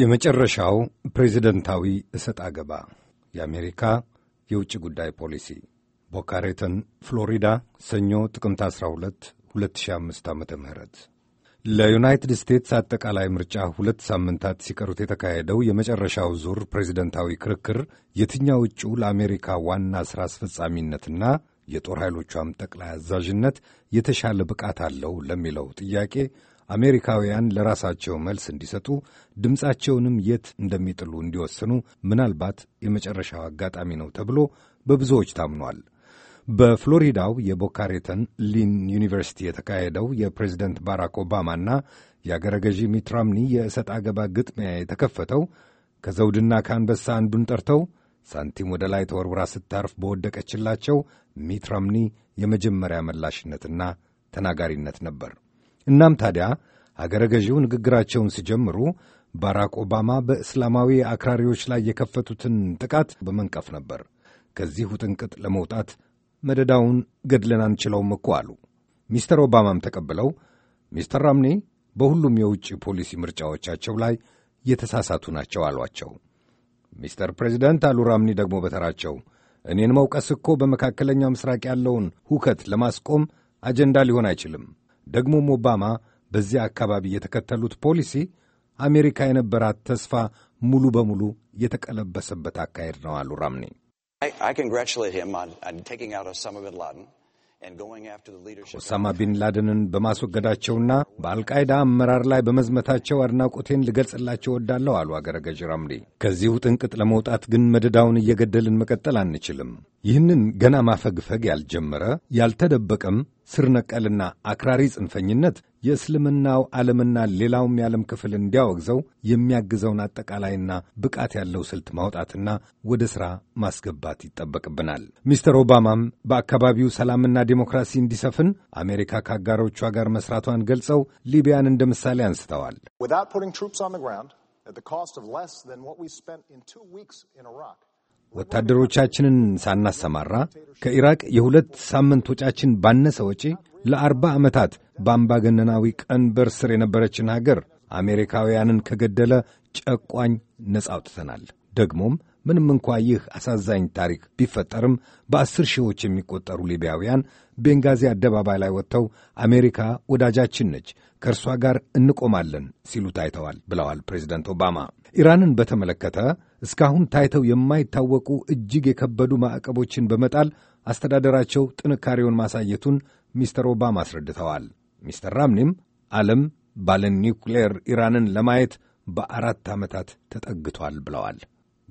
የመጨረሻው ፕሬዚደንታዊ እሰጥ አገባ የአሜሪካ የውጭ ጉዳይ ፖሊሲ ቦካሬተን ፍሎሪዳ፣ ሰኞ ጥቅምት 12 2005 ዓ ም ለዩናይትድ ስቴትስ አጠቃላይ ምርጫ ሁለት ሳምንታት ሲቀሩት የተካሄደው የመጨረሻው ዙር ፕሬዚደንታዊ ክርክር የትኛው እጩ ለአሜሪካ ዋና ሥራ አስፈጻሚነትና የጦር ኃይሎቿም ጠቅላይ አዛዥነት የተሻለ ብቃት አለው ለሚለው ጥያቄ አሜሪካውያን ለራሳቸው መልስ እንዲሰጡ ድምፃቸውንም የት እንደሚጥሉ እንዲወስኑ ምናልባት የመጨረሻው አጋጣሚ ነው ተብሎ በብዙዎች ታምኗል። በፍሎሪዳው የቦካሬተን ሊን ዩኒቨርሲቲ የተካሄደው የፕሬዚደንት ባራክ ኦባማና የአገረ ገዢ ሚትራምኒ የእሰጥ አገባ ግጥሚያ የተከፈተው ከዘውድና ከአንበሳ አንዱን ጠርተው ሳንቲም ወደ ላይ ተወርውራ ስታርፍ በወደቀችላቸው ሚትራምኒ የመጀመሪያ መላሽነትና ተናጋሪነት ነበር። እናም ታዲያ አገረ ገዢው ንግግራቸውን ሲጀምሩ ባራክ ኦባማ በእስላማዊ አክራሪዎች ላይ የከፈቱትን ጥቃት በመንቀፍ ነበር። ከዚህ ውጥንቅጥ ለመውጣት መደዳውን ገድለን አንችለውም እኮ አሉ። ሚስተር ኦባማም ተቀብለው ሚስተር ራምኒ በሁሉም የውጭ ፖሊሲ ምርጫዎቻቸው ላይ የተሳሳቱ ናቸው አሏቸው። ሚስተር ፕሬዚደንት አሉ ራምኒ ደግሞ በተራቸው እኔን መውቀስ እኮ በመካከለኛው ምስራቅ ያለውን ሁከት ለማስቆም አጀንዳ ሊሆን አይችልም። ደግሞም ኦባማ በዚያ አካባቢ የተከተሉት ፖሊሲ አሜሪካ የነበራት ተስፋ ሙሉ በሙሉ የተቀለበሰበት አካሄድ ነው አሉ ራምኒ። ኦሳማ ቢን ላደንን በማስወገዳቸውና በአልቃይዳ አመራር ላይ በመዝመታቸው አድናቆቴን ልገልጽላቸው ወዳለሁ አሉ አገረ ገዥ ራምሊ። ከዚሁ ጥንቅጥ ለመውጣት ግን መደዳውን እየገደልን መቀጠል አንችልም። ይህንን ገና ማፈግፈግ ያልጀመረ ያልተደበቀም ስር ነቀልና አክራሪ ጽንፈኝነት የእስልምናው ዓለምና ሌላውም የዓለም ክፍል እንዲያወግዘው የሚያግዘውን አጠቃላይና ብቃት ያለው ስልት ማውጣትና ወደ ሥራ ማስገባት ይጠበቅብናል። ሚስተር ኦባማም በአካባቢው ሰላምና ዴሞክራሲ እንዲሰፍን አሜሪካ ከአጋሮቿ ጋር መስራቷን ገልጸው ሊቢያን እንደ ምሳሌ አንስተዋል። ወታደሮቻችንን ሳናሰማራ ከኢራቅ የሁለት ሳምንት ወጫችን ባነሰ ወጪ ለአርባ ዓመታት በአምባገነናዊ ቀንበር ስር የነበረችን ሀገር አሜሪካውያንን ከገደለ ጨቋኝ ነጻ አውጥተናል። ደግሞም ምንም እንኳ ይህ አሳዛኝ ታሪክ ቢፈጠርም በአስር ሺዎች የሚቆጠሩ ሊቢያውያን ቤንጋዚ አደባባይ ላይ ወጥተው አሜሪካ ወዳጃችን ነች፣ ከእርሷ ጋር እንቆማለን ሲሉ ታይተዋል ብለዋል ፕሬዚደንት ኦባማ። ኢራንን በተመለከተ እስካሁን ታይተው የማይታወቁ እጅግ የከበዱ ማዕቀቦችን በመጣል አስተዳደራቸው ጥንካሬውን ማሳየቱን ሚስተር ኦባማ አስረድተዋል። ሚስተር ራምኒም ዓለም ባለ ኒውክሌር ኢራንን ለማየት በአራት ዓመታት ተጠግቷል ብለዋል።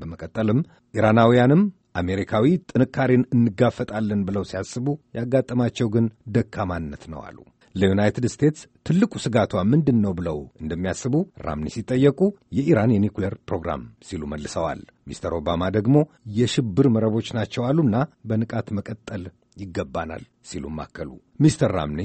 በመቀጠልም ኢራናውያንም አሜሪካዊ ጥንካሬን እንጋፈጣለን ብለው ሲያስቡ ያጋጠማቸው ግን ደካማነት ነው አሉ። ለዩናይትድ ስቴትስ ትልቁ ስጋቷ ምንድን ነው ብለው እንደሚያስቡ ራምኒ ሲጠየቁ የኢራን የኒውክሌር ፕሮግራም ሲሉ መልሰዋል። ሚስተር ኦባማ ደግሞ የሽብር መረቦች ናቸው አሉና በንቃት መቀጠል ይገባናል ሲሉም አከሉ። ሚስተር ራምኒ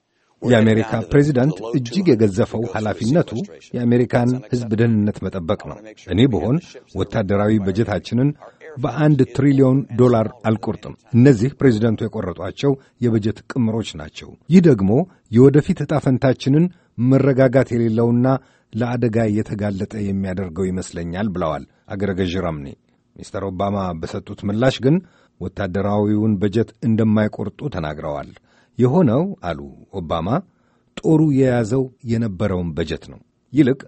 የአሜሪካ ፕሬዚዳንት እጅግ የገዘፈው ኃላፊነቱ የአሜሪካን ሕዝብ ደህንነት መጠበቅ ነው። እኔ ብሆን ወታደራዊ በጀታችንን በአንድ ትሪሊዮን ዶላር አልቆርጥም። እነዚህ ፕሬዚደንቱ የቆረጧቸው የበጀት ቅምሮች ናቸው። ይህ ደግሞ የወደፊት ዕጣ ፈንታችንን መረጋጋት የሌለውና ለአደጋ የተጋለጠ የሚያደርገው ይመስለኛል ብለዋል አገረ ገዥ ራምኒ። ሚስተር ኦባማ በሰጡት ምላሽ ግን ወታደራዊውን በጀት እንደማይቆርጡ ተናግረዋል። የሆነው አሉ ኦባማ፣ ጦሩ የያዘው የነበረውን በጀት ነው። ይልቅ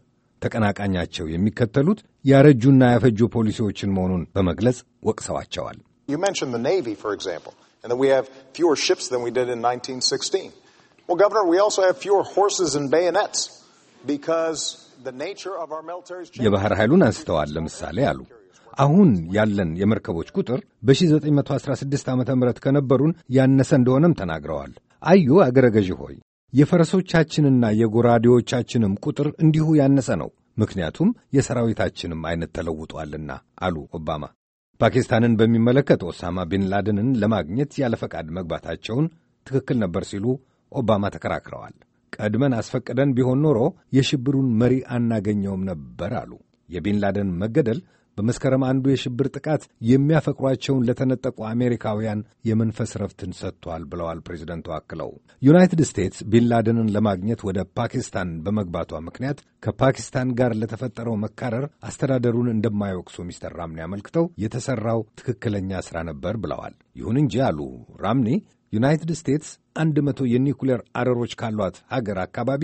ተቀናቃኛቸው የሚከተሉት ያረጁና ያፈጁ ፖሊሲዎችን መሆኑን በመግለጽ ወቅሰዋቸዋል። የባህር ኃይሉን አንስተዋል። ለምሳሌ አሉ አሁን ያለን የመርከቦች ቁጥር በ1916 ዓ ም ከነበሩን ያነሰ እንደሆነም ተናግረዋል። አዩ አገረ ገዢ ሆይ የፈረሶቻችንና የጎራዴዎቻችንም ቁጥር እንዲሁ ያነሰ ነው፣ ምክንያቱም የሰራዊታችንም አይነት ተለውጧልና አሉ ኦባማ። ፓኪስታንን በሚመለከት ኦሳማ ቢንላደንን ለማግኘት ያለ ፈቃድ መግባታቸውን ትክክል ነበር ሲሉ ኦባማ ተከራክረዋል። ቀድመን አስፈቅደን ቢሆን ኖሮ የሽብሩን መሪ አናገኘውም ነበር አሉ። የቢንላደን መገደል በመስከረም አንዱ የሽብር ጥቃት የሚያፈቅሯቸውን ለተነጠቁ አሜሪካውያን የመንፈስ ረፍትን ሰጥቷል ብለዋል ፕሬዚደንቱ አክለው። ዩናይትድ ስቴትስ ቢንላደንን ለማግኘት ወደ ፓኪስታን በመግባቷ ምክንያት ከፓኪስታን ጋር ለተፈጠረው መካረር አስተዳደሩን እንደማይወቅሱ ሚስተር ራምኒ አመልክተው የተሰራው ትክክለኛ ሥራ ነበር ብለዋል። ይሁን እንጂ አሉ ራምኒ ዩናይትድ ስቴትስ አንድ መቶ የኒኩሌር አረሮች ካሏት ሀገር አካባቢ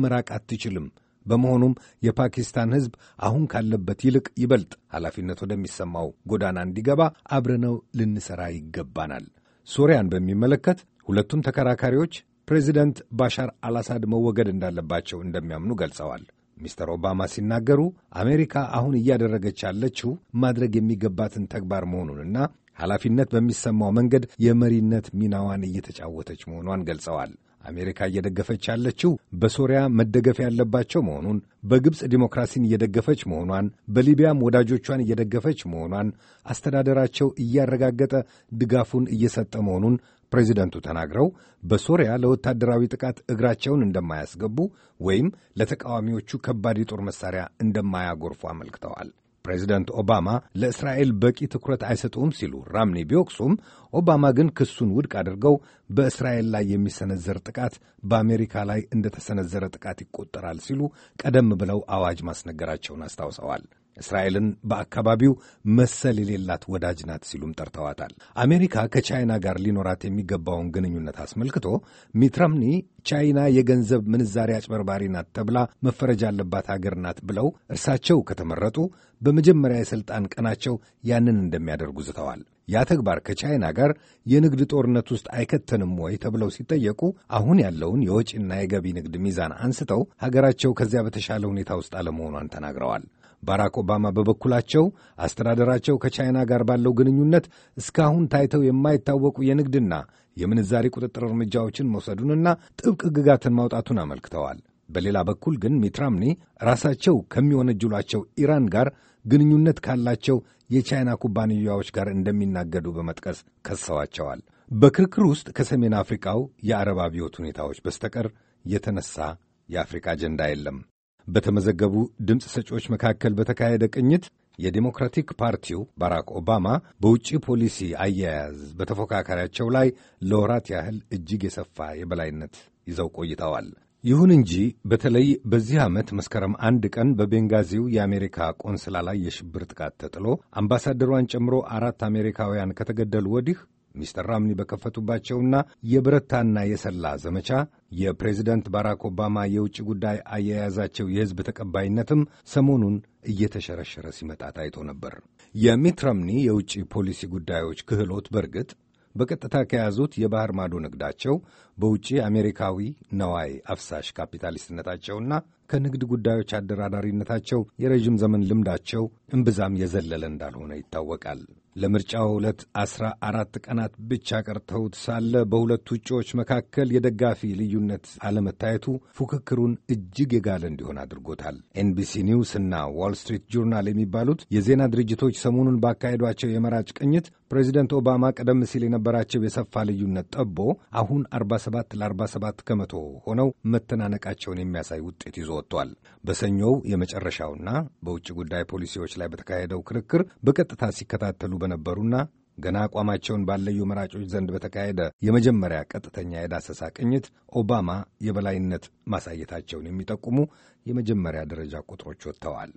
ምራቅ አትችልም በመሆኑም የፓኪስታን ሕዝብ አሁን ካለበት ይልቅ ይበልጥ ኃላፊነት ወደሚሰማው ጎዳና እንዲገባ አብረነው ልንሰራ ይገባናል። ሶሪያን በሚመለከት ሁለቱም ተከራካሪዎች ፕሬዚደንት ባሻር አልአሳድ መወገድ እንዳለባቸው እንደሚያምኑ ገልጸዋል። ሚስተር ኦባማ ሲናገሩ አሜሪካ አሁን እያደረገች ያለችው ማድረግ የሚገባትን ተግባር መሆኑንና ኃላፊነት በሚሰማው መንገድ የመሪነት ሚናዋን እየተጫወተች መሆኗን ገልጸዋል። አሜሪካ እየደገፈች ያለችው በሶሪያ መደገፍ ያለባቸው መሆኑን፣ በግብፅ ዲሞክራሲን እየደገፈች መሆኗን፣ በሊቢያም ወዳጆቿን እየደገፈች መሆኗን፣ አስተዳደራቸው እያረጋገጠ ድጋፉን እየሰጠ መሆኑን ፕሬዚደንቱ ተናግረው በሶሪያ ለወታደራዊ ጥቃት እግራቸውን እንደማያስገቡ ወይም ለተቃዋሚዎቹ ከባድ የጦር መሳሪያ እንደማያጎርፉ አመልክተዋል። ፕሬዚደንት ኦባማ ለእስራኤል በቂ ትኩረት አይሰጡም ሲሉ ራምኒ ቢወቅሱም ኦባማ ግን ክሱን ውድቅ አድርገው በእስራኤል ላይ የሚሰነዘር ጥቃት በአሜሪካ ላይ እንደተሰነዘረ ጥቃት ይቆጠራል ሲሉ ቀደም ብለው አዋጅ ማስነገራቸውን አስታውሰዋል። እስራኤልን በአካባቢው መሰል የሌላት ወዳጅ ናት ሲሉም ጠርተዋታል። አሜሪካ ከቻይና ጋር ሊኖራት የሚገባውን ግንኙነት አስመልክቶ ሚት ቻይና የገንዘብ ምንዛሪ አጭበርባሪ ናት ተብላ መፈረጅ ያለባት አገር ናት ብለው እርሳቸው ከተመረጡ በመጀመሪያ የሥልጣን ቀናቸው ያንን እንደሚያደርጉ ዝተዋል። ያ ተግባር ከቻይና ጋር የንግድ ጦርነት ውስጥ አይከተንም ወይ ተብለው ሲጠየቁ አሁን ያለውን የወጪና የገቢ ንግድ ሚዛን አንስተው ሀገራቸው ከዚያ በተሻለ ሁኔታ ውስጥ አለመሆኗን ተናግረዋል። ባራክ ኦባማ በበኩላቸው አስተዳደራቸው ከቻይና ጋር ባለው ግንኙነት እስካሁን ታይተው የማይታወቁ የንግድና የምንዛሪ ቁጥጥር እርምጃዎችን መውሰዱንና ጥብቅ ሕግጋትን ማውጣቱን አመልክተዋል። በሌላ በኩል ግን ሚትራምኒ ራሳቸው ከሚወነጅሏቸው ኢራን ጋር ግንኙነት ካላቸው የቻይና ኩባንያዎች ጋር እንደሚናገዱ በመጥቀስ ከሰዋቸዋል። በክርክር ውስጥ ከሰሜን አፍሪካው የአረብ አብዮት ሁኔታዎች በስተቀር የተነሳ የአፍሪካ አጀንዳ የለም። በተመዘገቡ ድምፅ ሰጪዎች መካከል በተካሄደ ቅኝት የዴሞክራቲክ ፓርቲው ባራክ ኦባማ በውጭ ፖሊሲ አያያዝ በተፎካካሪያቸው ላይ ለወራት ያህል እጅግ የሰፋ የበላይነት ይዘው ቆይተዋል። ይሁን እንጂ በተለይ በዚህ ዓመት መስከረም አንድ ቀን በቤንጋዚው የአሜሪካ ቆንስላ ላይ የሽብር ጥቃት ተጥሎ አምባሳደሯን ጨምሮ አራት አሜሪካውያን ከተገደሉ ወዲህ ሚስተር ራምኒ በከፈቱባቸውና የብረታና የሰላ ዘመቻ የፕሬዚደንት ባራክ ኦባማ የውጭ ጉዳይ አያያዛቸው የሕዝብ ተቀባይነትም ሰሞኑን እየተሸረሸረ ሲመጣ ታይቶ ነበር። የሚት ራምኒ የውጭ ፖሊሲ ጉዳዮች ክህሎት በርግጥ በቀጥታ ከያዙት የባህር ማዶ ንግዳቸው በውጭ አሜሪካዊ ነዋይ አፍሳሽ ካፒታሊስትነታቸውና ከንግድ ጉዳዮች አደራዳሪነታቸው የረዥም ዘመን ልምዳቸው እምብዛም የዘለለ እንዳልሆነ ይታወቃል። ለምርጫው ዕለት አስራ አራት ቀናት ብቻ ቀርተውት ሳለ በሁለቱ እጩዎች መካከል የደጋፊ ልዩነት አለመታየቱ ፉክክሩን እጅግ የጋለ እንዲሆን አድርጎታል። ኤንቢሲ ኒውስ እና ዋል ስትሪት ጆርናል የሚባሉት የዜና ድርጅቶች ሰሞኑን ባካሄዷቸው የመራጭ ቅኝት ፕሬዚደንት ኦባማ ቀደም ሲል የነበራቸው የሰፋ ልዩነት ጠቦ አሁን 47 ለ47 ከመቶ ሆነው መተናነቃቸውን የሚያሳይ ውጤት ይዞ ወጥቷል። በሰኞው የመጨረሻውና በውጭ ጉዳይ ፖሊሲዎች ላይ በተካሄደው ክርክር በቀጥታ ሲከታተሉ በነበሩና ገና አቋማቸውን ባለዩ መራጮች ዘንድ በተካሄደ የመጀመሪያ ቀጥተኛ የዳሰሳ ቅኝት ኦባማ የበላይነት ማሳየታቸውን የሚጠቁሙ የመጀመሪያ ደረጃ ቁጥሮች ወጥተዋል።